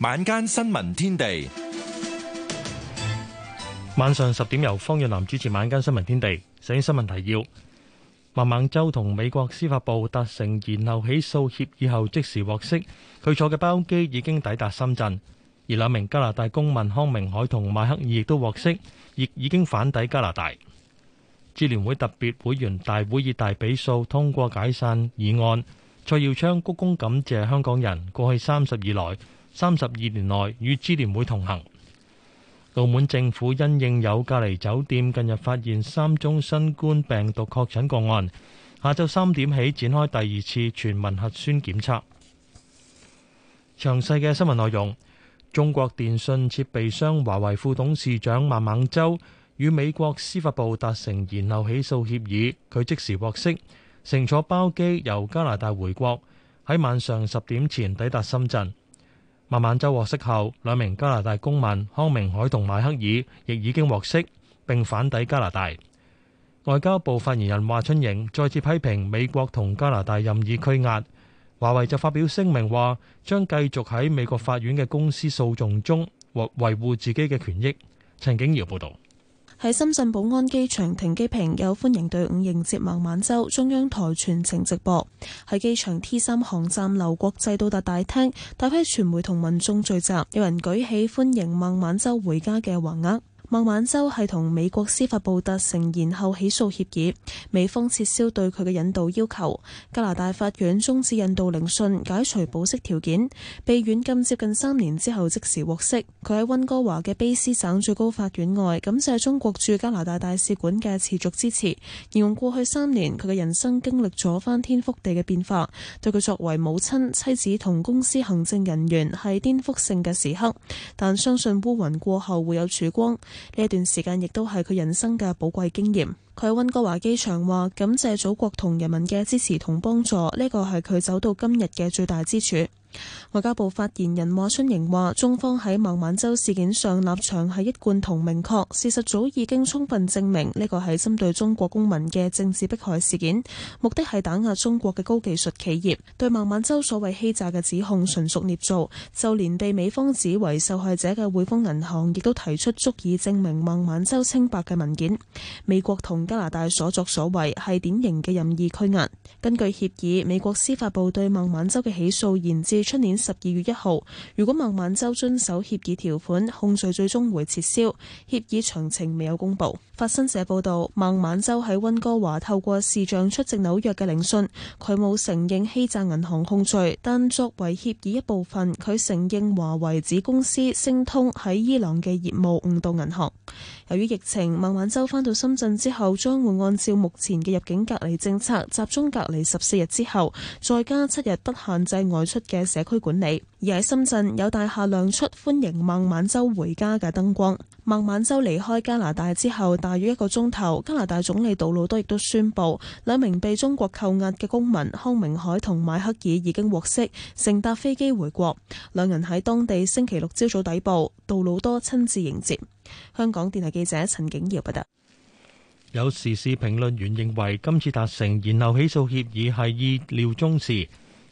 晚間新聞天地，晚上十點由方遠南主持。晚間新聞天地首先新聞提要：，孟晚舟同美國司法部達成延後起訴協議後，即時獲釋。佢坐嘅包機已經抵達深圳。而兩名加拿大公民康明凱同邁克爾亦都獲釋，亦已經返抵加拿大。支聯會特別會員大會以大比數通過解散議案。蔡耀昌鞠躬感謝香港人過去三十以來。三十二年內與支聯會同行。澳門政府因應有隔離酒店近日發現三宗新冠病毒確診個案，下晝三點起展開第二次全民核酸檢測。詳細嘅新聞內容。中國電信設備商華為副董事長孟晚舟與美國司法部達成延後起訴協議。佢即時獲釋，乘坐包機由加拿大回國，喺晚上十點前抵達深圳。慢慢舟獲釋後，兩名加拿大公民康明凱同邁克爾亦已經獲釋並返抵加拿大。外交部發言人華春瑩再次批評美國同加拿大任意拘押。華為就發表聲明話將繼續喺美國法院嘅公司訴訟中維護自己嘅權益。陳景瑤報道。喺深圳寶安機場停機坪有歡迎隊伍迎接孟晚舟，中央台全程直播。喺機場 T 三航站樓國際到達大廳，大批傳媒同民眾聚集，有人舉起歡迎孟晚舟回家嘅橫額。孟晚舟係同美國司法部達成延後起訴協議，美方撤銷對佢嘅引渡要求。加拿大法院終止引渡聆訊，解除保釋條件，被軟禁接近三年之後即時獲釋。佢喺溫哥華嘅卑斯省最高法院外感謝中國駐加拿大大使館嘅持續支持，形容過去三年佢嘅人生經歷咗翻天覆地嘅變化，對佢作為母親、妻子同公司行政人員係顛覆性嘅時刻，但相信烏雲過後會有曙光。呢段時間亦都係佢人生嘅寶貴經驗。佢喺溫哥華機場話：感謝祖國同人民嘅支持同幫助，呢個係佢走到今日嘅最大支柱。外交部發言人華春瑩話：中方喺孟晚舟事件上立場係一貫同明確，事實早已經充分證明呢個係針對中國公民嘅政治迫害事件，目的係打壓中國嘅高技術企業。對孟晚舟所謂欺詐嘅指控純屬捏造，就連被美方指為受害者嘅匯豐銀行亦都提出足以證明孟晚舟清白嘅文件。美國同加拿大所作所為係典型嘅任意拘押。根據協議，美國司法部對孟晚舟嘅起訴，延至至出年十二月一號，如果孟晚舟遵守協議條款，控罪最終會撤銷。協議詳情未有公布。法新社報道，孟晚舟喺温哥華透過視像出席紐約嘅聆訊，佢冇承認欺詐銀行控罪，但作為協議一部分，佢承認華為子公司星通喺伊朗嘅業務誤導銀行。由於疫情，孟晚舟返到深圳之後，將會按照目前嘅入境隔離政策，集中隔離十四日之後，再加七日不限制外出嘅社區管理。而喺深圳有大廈亮出歡迎孟晚舟回家嘅燈光。孟晚舟離開加拿大之後大約一個鐘頭，加拿大總理杜魯多亦都宣布，兩名被中國扣押嘅公民康明凱同邁克爾已經獲釋，乘搭飛機回國。兩人喺當地星期六朝早抵埗，杜魯多親自迎接。香港電台記者陳景瑤報道。有時事評論員認為今次達成延後起訴協議係意料中事，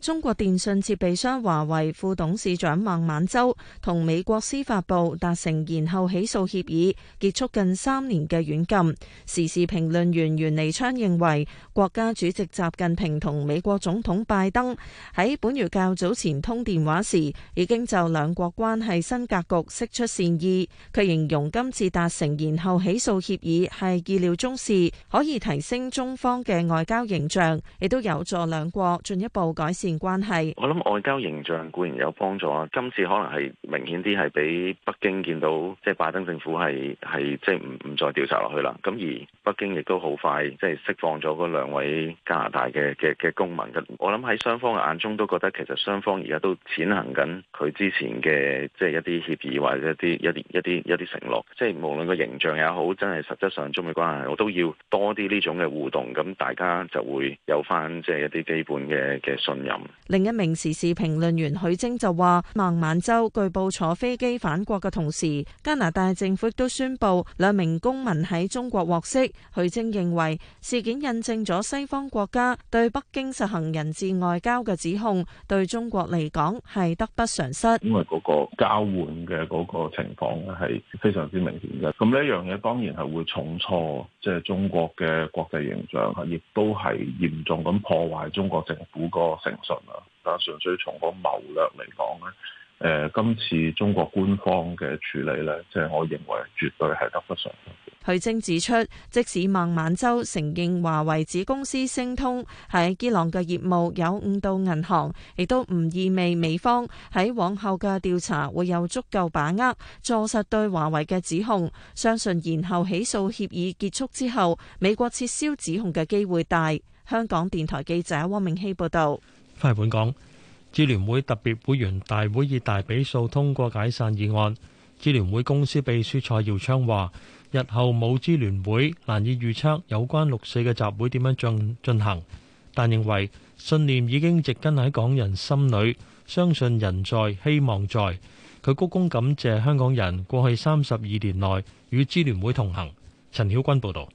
中國電信設備商華為副董事長孟晚舟同美國司法部達成延後起訴協議，結束近三年嘅軟禁。時事評論員袁彌昌認為，國家主席習近平同美國總統拜登喺本月較早前通電話時，已經就兩國關係新格局釋出善意，佢形容今次達成延後起訴協議係意料中事，可以提升中方嘅外交形象，亦都有助兩國進一步改善。關係，我諗外交形象固然有幫助啊。今次可能係明顯啲，係俾北京見到，即係拜登政府係係即係唔唔再調查落去啦。咁而北京亦都好快即係釋放咗嗰兩位加拿大嘅嘅嘅公民。我諗喺雙方嘅眼中，都覺得其實雙方而家都踐行緊佢之前嘅即係一啲協議或者一啲一啲一啲一啲承諾。即係無論個形象也好，真係實質上中美關係，我都要多啲呢種嘅互動，咁大家就會有翻即係一啲基本嘅嘅信任。另一名時事評論員許晶就話：孟晚舟據報坐飛機返國嘅同時，加拿大政府亦都宣布兩名公民喺中國獲釋。許晶認為事件印證咗西方國家對北京實行人質外交嘅指控，對中國嚟講係得不償失。因為嗰個交換嘅嗰個情況咧係非常之明顯嘅，咁呢一樣嘢當然係會重挫即係、就是、中國嘅國際形象，亦都係嚴重咁破壞中國政府個成啦，但純粹從個謀略嚟講呢誒，今次中國官方嘅處理呢，即係我認為絕對係得不償失。許晶指出，即使孟晚舟承認華為子公司星通喺伊朗嘅業務有誤導銀行，亦都唔意味美方喺往後嘅調查會有足夠把握坐實對華為嘅指控。相信延後起訴協議結束之後，美國撤銷指控嘅機會大。香港電台記者汪明熙報道。翻嚟本港，支聯會特別會員大會以大比數通過解散議案。支聯會公司秘書蔡耀昌話，日後冇支聯會，難以預測有關六四嘅集會點樣進進行。但認為信念已經植根喺港人心裏，相信人在希望在。佢鞠躬感謝香港人過去三十二年內與支聯會同行。陳曉君報導。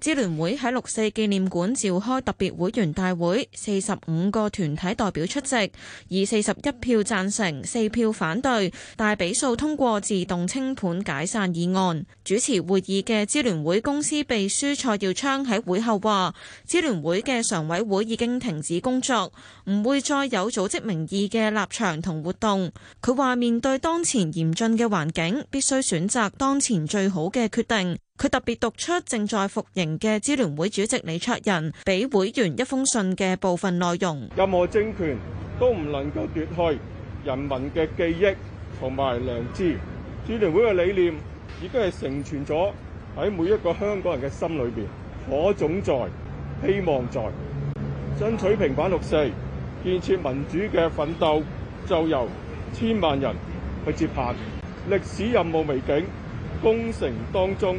支聯會喺六四紀念館召開特別會員大會，四十五個團體代表出席，以四十一票贊成、四票反對，大比數通過自動清盤解散議案。主持會議嘅支聯會公司秘書蔡耀昌喺會後話：支聯會嘅常委會已經停止工作，唔會再有組織名義嘅立場同活動。佢話：面對當前嚴峻嘅環境，必須選擇當前最好嘅決定。佢特別讀出正在服刑嘅支聯會主席李卓人俾會員一封信嘅部分內容任何政權都唔能夠奪去人民嘅記憶同埋良知。支聯會嘅理念已經係承傳咗喺每一個香港人嘅心裏邊，火種在，希望在，爭取平反六四、建設民主嘅奮鬥就由千萬人去接棒。歷史任務未竟，功成當中。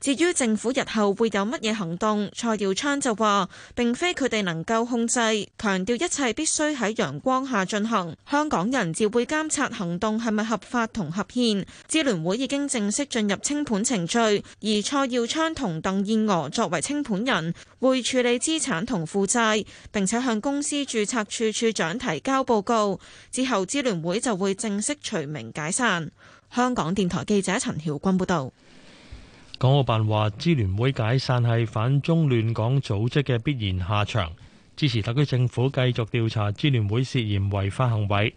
至於政府日後會有乜嘢行動，蔡耀昌就話：並非佢哋能夠控制，強調一切必須喺陽光下進行。香港人自會監察行動係咪合法同合憲。支聯會已經正式進入清盤程序，而蔡耀昌同鄧燕娥作為清盤人，會處理資產同負債，並且向公司註冊處處長提交報告。之後，支聯會就會正式除名解散。香港電台記者陳曉君報導。港澳辦話，支聯會解散係反中亂港組織嘅必然下場，支持特區政府繼續調查支聯會涉嫌違法行為。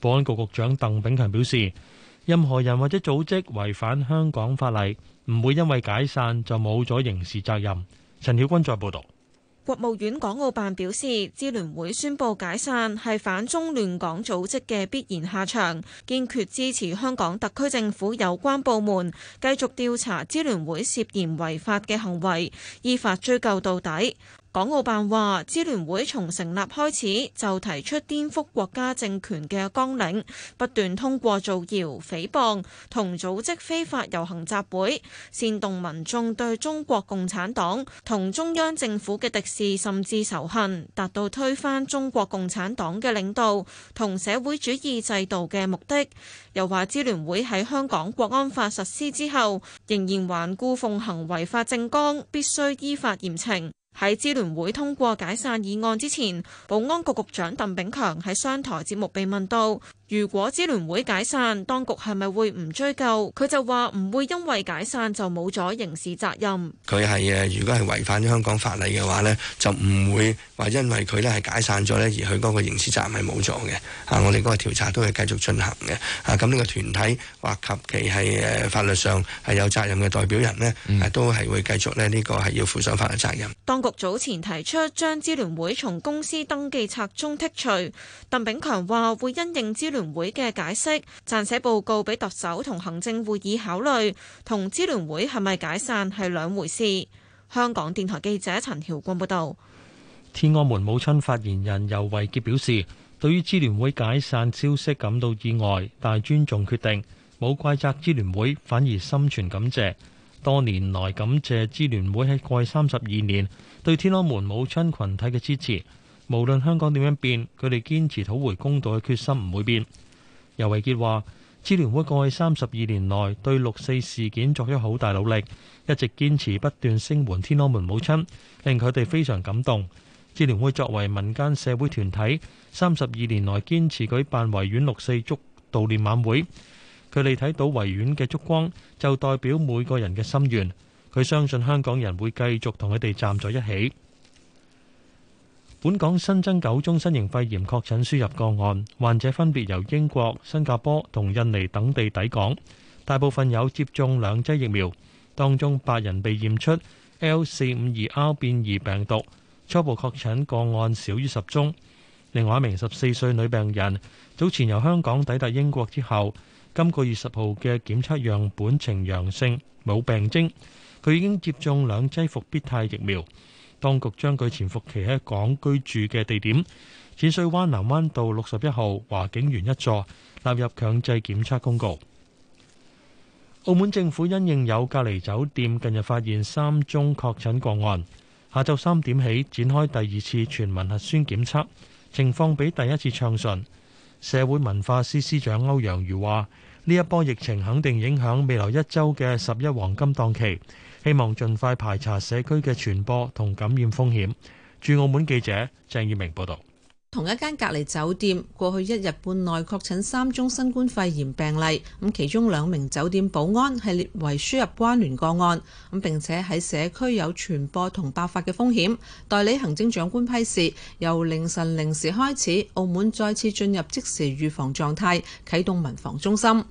保安局局長鄧炳強表示，任何人或者組織違反香港法例，唔會因為解散就冇咗刑事責任。陳曉君再報道。國務院港澳辦表示，支聯會宣布解散係反中亂港組織嘅必然下場，堅決支持香港特區政府有關部門繼續調查支聯會涉嫌違法嘅行為，依法追究到底。港澳辦話，支聯會從成立開始就提出顛覆國家政權嘅綱領，不斷通過造謠、誹謗同組織非法遊行集會，煽動民眾對中國共產黨同中央政府嘅敵視甚至仇恨，達到推翻中國共產黨嘅領導同社會主義制度嘅目的。又話，支聯會喺香港國安法實施之後，仍然頑固奉行違法政綱，必須依法嚴懲。喺支聯會通過解散議案之前，保安局局長鄧炳強喺商台節目被問到，如果支聯會解散，當局係咪會唔追究？佢就話唔會因為解散就冇咗刑事責任。佢係誒，如果係違反香港法例嘅話呢，就唔會話因為佢咧，係解散咗呢，而佢嗰個刑事責任係冇咗嘅。嚇、啊，我哋嗰個調查都係繼續進行嘅。嚇、啊，咁呢個團體或及其係誒法律上係有責任嘅代表人呢誒、嗯、都係會繼續咧呢、呢個係要負上法律責任。當局早前提出將支聯會從公司登記冊中剔除，鄧炳強話會因應支聯會嘅解釋，撰寫報告俾特首同行政會議考慮，同支聯會係咪解散係兩回事。香港電台記者陳曉君報道。天安門母親發言人尤慧杰表示，對於支聯會解散消息感到意外，但尊重決定，冇怪責支聯會，反而心存感謝。多年來感謝支聯會喺過去三十二年對天安門母親群體嘅支持。無論香港點樣變，佢哋堅持討回公道嘅決心唔會變。尤維潔話，支聯會過去三十二年來對六四事件作出好大努力，一直堅持不斷聲援天安門母親，令佢哋非常感動。支聯會作為民間社會團體，三十二年來堅持舉辦維園六四燭悼念晚會，佢哋睇到維園嘅燭光就代表每個人嘅心願。佢相信香港人會繼續同佢哋站在一起。本港新增九宗新型肺炎確診輸入個案，患者分別由英國、新加坡同印尼等地抵港，大部分有接種兩劑疫苗，當中八人被驗出 L 四五二 R 變異病毒，初步確診個案少於十宗。另外一名十四歲女病人早前由香港抵達英國之後，今個月十號嘅檢測樣本呈陽性，冇病徵，佢已經接種兩劑復必泰疫苗。當局將佢潛伏期喺港居住嘅地點淺水灣南灣道六十一號華景園一座納入強制檢測公告。澳門政府因應有隔離酒店近日發現三宗確診個案，下晝三點起展開第二次全民核酸檢測，情況比第一次暢順。社會文化司司長歐陽瑜話：呢一波疫情肯定影響未來一周嘅十一黃金檔期。希望盡快排查社區嘅傳播同感染風險。駐澳門記者鄭業明報道，同一間隔離酒店過去一日半內確診三宗新冠肺炎病例，咁其中兩名酒店保安係列為輸入關聯個案，咁並且喺社區有傳播同爆發嘅風險，代理行政長官批示，由凌晨零時開始，澳門再次進入即時預防狀態，啟動民防中心。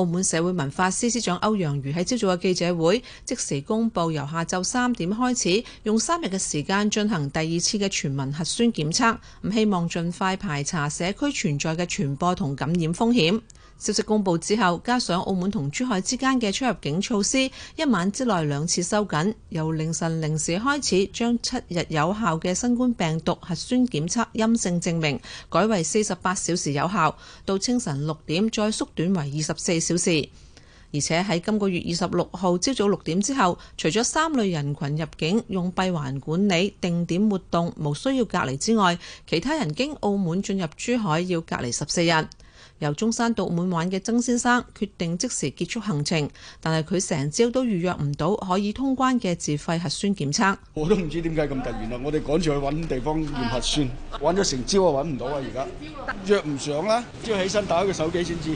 澳門社會文化司司長歐陽瑜喺朝早嘅記者會即時公布，由下晝三點開始，用三日嘅時間進行第二次嘅全民核酸檢測，咁希望盡快排查社區存在嘅傳播同感染風險。消息公布之後，加上澳門同珠海之間嘅出入境措施，一晚之內兩次收緊。由凌晨零時開始，將七日有效嘅新冠病毒核酸檢測陰性證明改為四十八小時有效，到清晨六點再縮短為二十四小時。而且喺今個月二十六號朝早六點之後，除咗三類人群入境用閉環管理、定點活動無需要隔離之外，其他人經澳門進入珠海要隔離十四日。由中山到澳門玩嘅曾先生決定即時結束行程，但係佢成朝都預約唔到可以通關嘅自費核酸檢測。我都唔知點解咁突然啊，我哋趕住去搵地方驗核酸，搵咗成朝啊，搵唔到啊，而家約唔上啦，朝起身打個手機先知。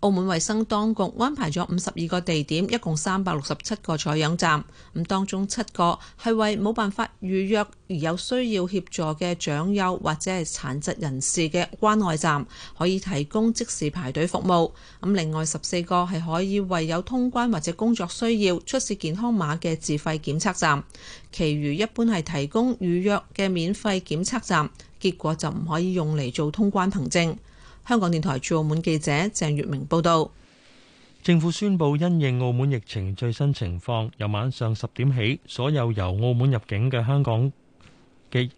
澳門衛生當局安排咗五十二個地點，一共三百六十七個採樣站。咁當中七個係為冇辦法預約而有需要協助嘅長幼或者係殘疾人士嘅關愛站，可以提供即時排隊服務。咁另外十四個係可以為有通關或者工作需要出示健康碼嘅自費檢測站，其餘一般係提供預約嘅免費檢測站，結果就唔可以用嚟做通關憑證。香港電台駐澳門記者鄭月明報道。政府宣布因應澳門疫情最新情況，由晚上十點起，所有由澳門入境嘅香港嘅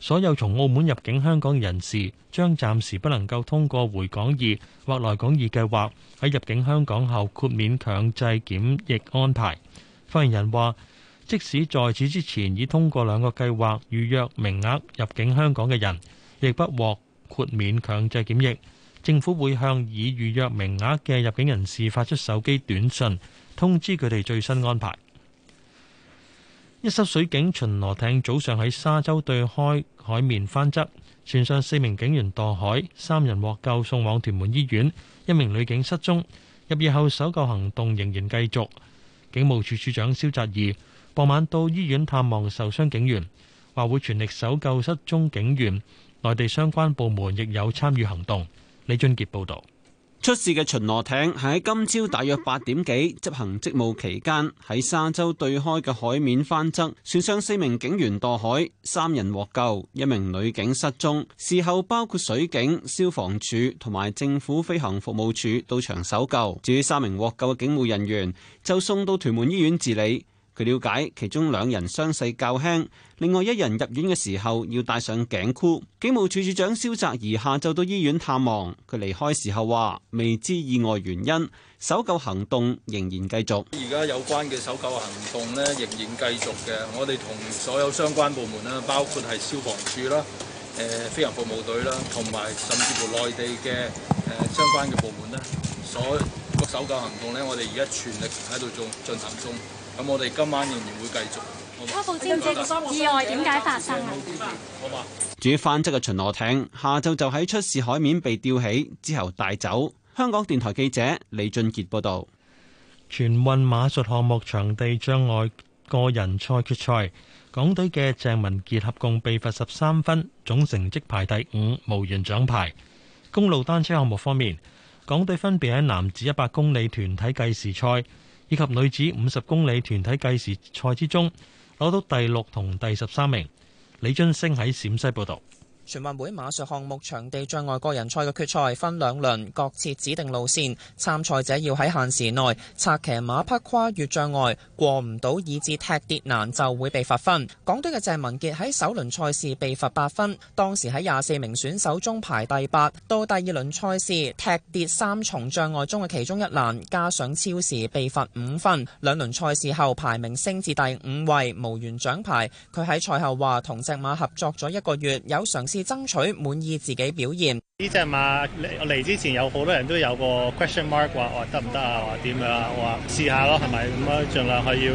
所有從澳門入境香港人士，將暫時不能夠通過回港易或來港易計劃喺入境香港後豁免強制檢疫安排。發言人話，即使在此之前已通過兩個計劃預約名額入境香港嘅人，亦不獲。豁免強制檢疫，政府會向已預約名額嘅入境人士發出手機短訊通知佢哋最新安排。一艘水警巡邏艇早上喺沙洲對開海面翻側，船上四名警員墮海，三人獲救送往屯門醫院，一名女警失蹤。入夜後搜救行動仍然繼續。警務處處長蕭澤頤傍晚到醫院探望受傷警員，話會全力搜救失蹤警員。內地相關部門亦有參與行動。李俊杰報道，出事嘅巡邏艇喺今朝大約八點幾執行職務期間，喺沙洲對開嘅海面翻側，船上四名警員墮海，三人獲救，一名女警失蹤。事後包括水警、消防處同埋政府飛行服務處到場搜救，至於三名獲救嘅警務人員就送到屯門醫院治理。據了解，其中兩人傷勢較輕，另外一人入院嘅時候要戴上頸箍。警務處處長蕭澤頤下晝到醫院探望，佢離開時候話未知意外原因，搜救行動仍然繼續。而家有關嘅搜救行動咧，仍然繼續嘅，我哋同所有相關部門啦，包括係消防處啦、誒、呃、飛行服務隊啦，同埋甚至乎內地嘅誒、呃、相關嘅部門咧，所、這個搜救行動咧，我哋而家全力喺度做進行中。咁我哋今晚仍然會繼續。知知的意外，意外點解發生啊？好嘛。至於翻側嘅巡邏艇，下晝就喺出事海面被吊起，之後帶走。香港電台記者李俊傑報道。全運馬術項目場地障礙個人賽決賽，港隊嘅鄭文傑合共被罰十三分，總成績排第五，無緣獎牌。公路單車項目方面，港隊分別喺男子一百公里團體計時賽。以及女子五十公里團體計時賽之中，攞到第六同第十三名。李津升喺陝西報道。全運會馬術項目場地障礙個人賽嘅決賽分兩輪，各設指定路線，參賽者要喺限時內策騎馬匹跨越障礙，過唔到以致踢跌欄就會被罰分。港隊嘅鄭文傑喺首輪賽事被罰八分，當時喺廿四名選手中排第八。到第二輪賽事，踢跌三重障礙中嘅其中一欄，加上超時被罰五分，兩輪賽事後排名升至第五位，無緣獎牌。佢喺賽後話：同隻馬合作咗一個月，有嘗。是爭取滿意自己表現。呢隻馬嚟嚟之前有好多人都有個 question mark 話，哇，得唔得啊？話點樣啊？我話試下咯，係咪咁啊？盡量去要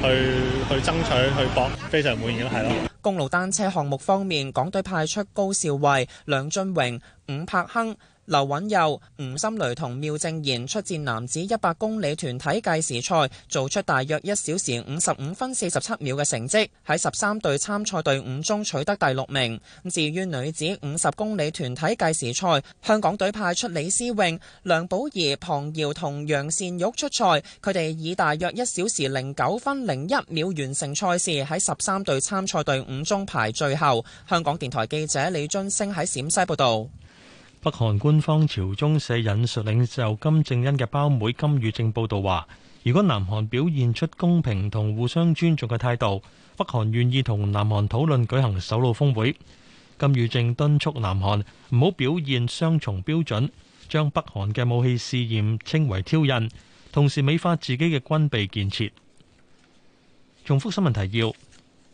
去去爭取去搏，非常滿意咯，係咯。公路單車項目方面，港隊派出高少慧、梁俊榮、伍柏亨。劉允佑、吳心雷同繆正賢出戰男子一百公里團體計時賽，做出大約一小時五十五分四十七秒嘅成績，喺十三隊參賽隊伍中取得第六名。至於女子五十公里團體計時賽，香港隊派出李思穎、梁寶儀、龐瑤同楊善玉出賽，佢哋以大約一小時零九分零一秒完成賽事，喺十三隊參賽隊伍中排最後。香港電台記者李津升喺陝西報道。北韓官方朝中社引述領袖金正恩嘅胞妹金與正報導話，如果南韓表現出公平同互相尊重嘅態度，北韓願意同南韓討論舉行首腦峰會。金與正敦促南韓唔好表現雙重標準，將北韓嘅武器試驗稱為挑釁，同時美化自己嘅軍備建設。重複新聞提要。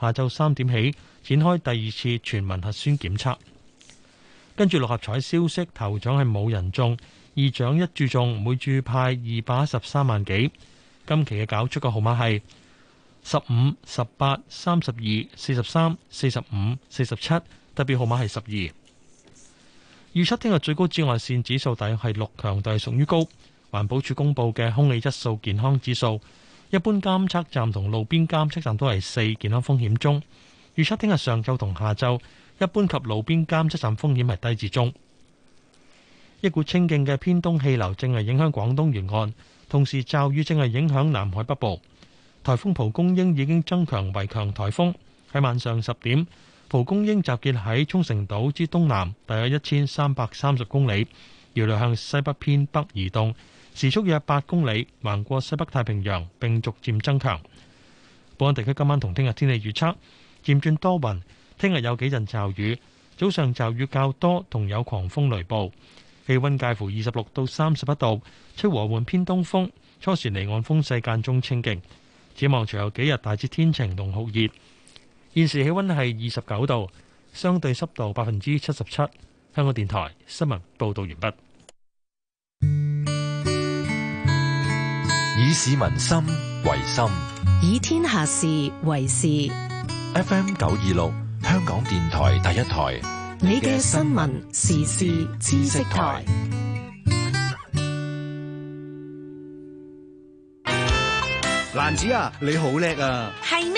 下晝三點起展開第二次全民核酸檢測。跟住六合彩消息，頭獎係冇人中，二獎一注中，每注派二百一十三萬幾。今期嘅搞出個號碼係十五、十八、三十二、四十三、四十五、四十七，特別號碼係十二。預測聽日最高紫外綫指數大約係六強，但係屬於高。環保署公布嘅空氣質素健康指數。一般監測站同路邊監測站都係四健康風險中，預測聽日上晝同下晝一般及路邊監測站風險係低至中。一股清勁嘅偏東氣流正係影響廣東沿岸，同時驟雨正係影響南海北部。颱風蒲公英已經增強為強颱風，喺晚上十點，蒲公英集結喺沖繩島之東南，大約一千三百三十公里，遙遙向西北偏北移動。時速約八公里，橫過西北太平洋，並逐漸增強。本港地區今晚同聽日天氣預測漸轉多雲，聽日有幾陣驟雨，早上驟雨較多，同有狂風雷暴。氣溫介乎二十六到三十一度，吹和緩偏東風，初時離岸風勢間中清勁。展望隨後幾日大致天晴同酷熱。現時氣溫係二十九度，相對濕度百分之七十七。香港電台新聞報道完畢。以市民心為心，以天下事為事。FM 九二六，香港電台第一台，你嘅新聞時事知識台。蘭子啊，你好叻啊！係咩？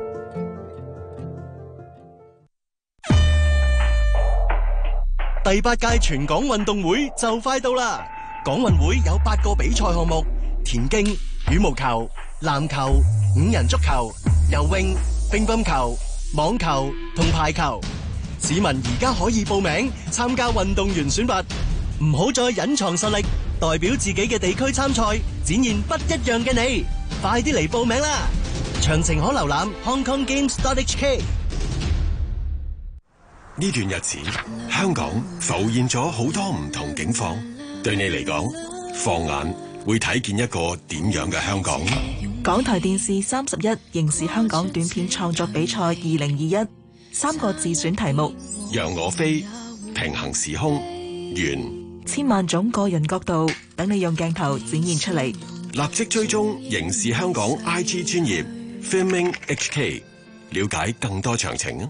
第八屆全港運動會就快到啦！港運會有八個比賽項目：田徑、羽毛球、籃球、五人足球、游泳、乒乓球、網球同排球。市民而家可以報名參加運動員選拔，唔好再隱藏實力，代表自己嘅地區參賽，展現不一樣嘅你。快啲嚟報名啦！詳情可瀏覽 hongkonggames.hk。呢段日子，香港浮現咗好多唔同境況。對你嚟講，放眼會睇見一個點樣嘅香港？港台電視三十一刑事香港短片創作比賽二零二一三個自選題目：讓我飛、平行時空、完。千萬種個人角度，等你用鏡頭展現出嚟。立即追蹤刑事香港 I G 專業 Filming HK，了解更多詳情。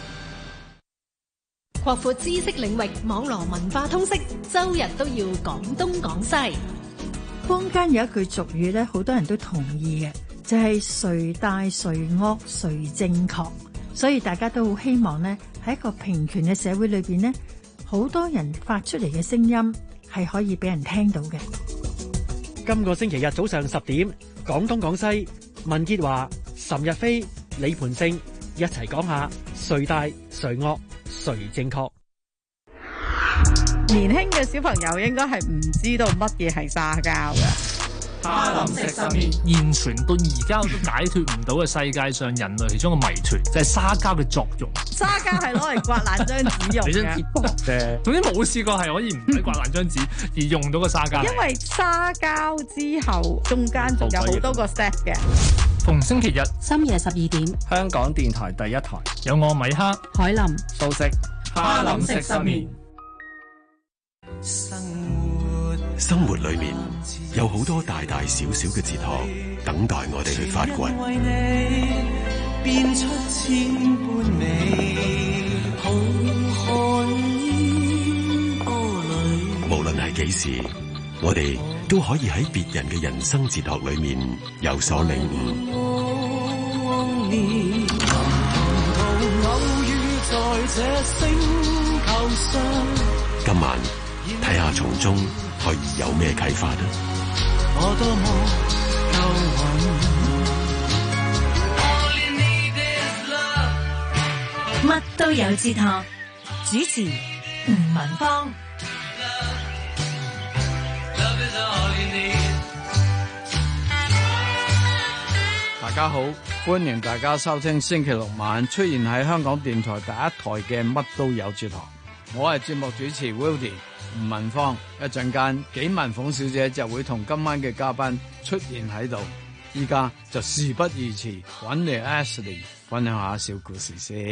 擴闊知識領域，網絡文化通識，周日都要講東講西。坊間有一句俗語咧，好多人都同意嘅，就係誰大誰惡誰正確，所以大家都好希望呢，喺一個平權嘅社會裏邊呢，好多人發出嚟嘅聲音係可以俾人聽到嘅。今個星期日早上十點，廣東廣西，文潔華、岑日飛、李盤勝一齊講下誰大誰惡。最正確？年輕嘅小朋友應該係唔知道乜嘢係沙膠嘅。它林式新現存到而家都解脫唔到嘅世界上 人類其中嘅謎團就係、是、沙膠嘅作用。沙膠係攞嚟刮爛張紙用嘅，鐵卜 總之冇試過係可以唔使刮爛張紙而用到個沙膠。因為沙膠之後中間仲有好多個 step 嘅。逢星期日深夜十二點，香港電台第一台有我米克、海林、素食食、哈林式失眠。生活裏面有好多大大小小嘅哲學，等待我哋去發掘。無論係幾時。我哋都可以喺別人嘅人生哲學裏面有所領悟。今晚睇下從中可以有咩啟發呢？乜都有哲學，主持吳文芳。大家好，歡迎大家收聽星期六晚出現喺香港電台第一台嘅乜都有節堂，我係節目主持 Willy 吳文芳，一陣間紀文鳳小姐就會同今晚嘅嘉賓出現喺度，依家就事不宜遲，揾你 Ashley 分享下小故事先。